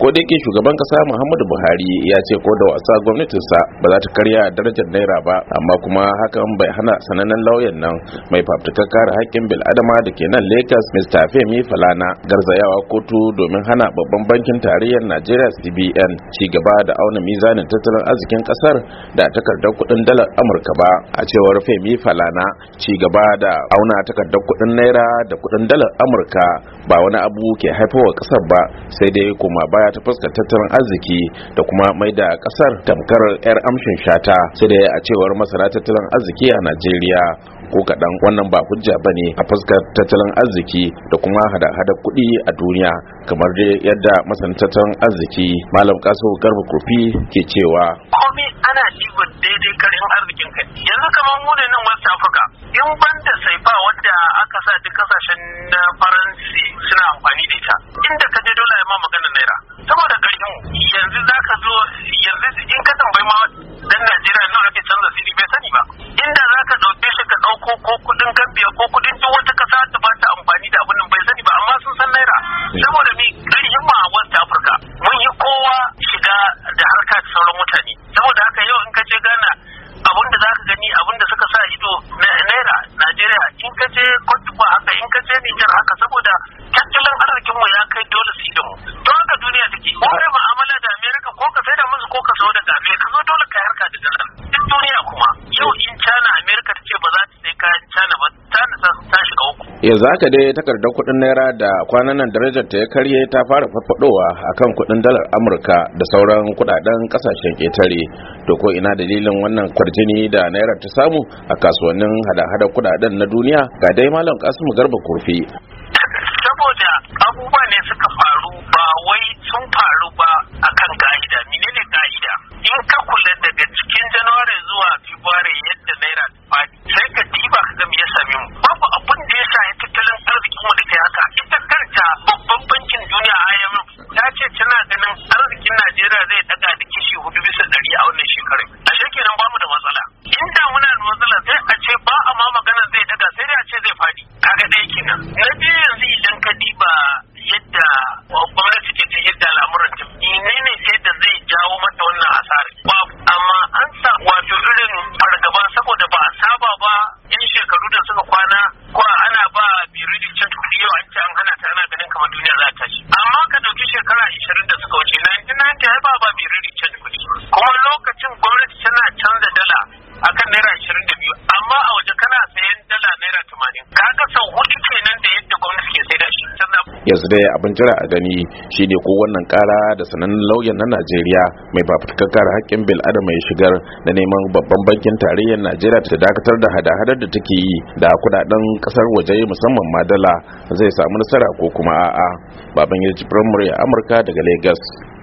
ko da yake shugaban kasa muhammadu buhari ya ce ko da wasa gwamnatinsa ba za ta karya darajar naira ba amma kuma hakan bai hana sanannen lauyan nan mai fafutukar kare haƙƙin bil'adama da ke nan lagos mr femi falana garzayawa kotu domin hana babban bankin tarayyar najeriya cbn ci gaba da auna mizanin tattalin arzikin kasar da takardar kuɗin dalar amurka ba a cewar femi falana ci gaba da auna takardar kuɗin naira da kuɗin dalar amurka ba wani abu ke haifawa kasar ba sai dai koma baya baya ta fuskar tattalin arziki da kuma mai da kasar tamkar yar amshin shata sai da a cewar masana tattalin arziki a najeriya ko kaɗan wannan ba hujja ba ne a fuskar tattalin arziki da kuma hada-hada kuɗi a duniya kamar dai yadda masan tattalin arziki malam kaso garba kofi ke cewa komi ana diba daidai karin arzikin kai yanzu kamar mu ne nan wasu africa in banda saifa wadda aka sa duk kasashen ko kudin gambiya ko kudin duk wata kasa ta ba ta amfani da abin bai sani ba amma sun san naira hmm. saboda mi ƙarfin ma a west africa mun yi kowa shiga da harka da sauran mutane saboda haka yau in ka je gana abin da zaka gani abin da suka sa ido na naira najeriya in ka je cote haka in ka je niger haka saboda tattalin arzikin mu ya kai dole su ido to haka duniya take ko kai mu'amala da america ko ka saida musu ko ka sayo daga ka zo dole ka harka da dalar yanzu haka dai takardar kudin naira da kwanan nan darajar ta ya karye ta fara a kan kudin dalar amurka da sauran kudaden kasashen ketare to ko ina dalilin wannan kwarjini da naira ta samu a kasuwannin hada-hada kudaden na duniya ga dai malam kasimu garba kurfi yanzu dai abin jira a gani shine ko wannan kara da sanannen lauyan na najeriya mai fafutukar kare haƙƙin bil adama ya shigar da neman babban bankin tarayyar najeriya ta dakatar da hada-hadar da take yi da kudaden kasar waje musamman madala zai samu nasara ko kuma a'a baban ya ji firamare amurka daga lagos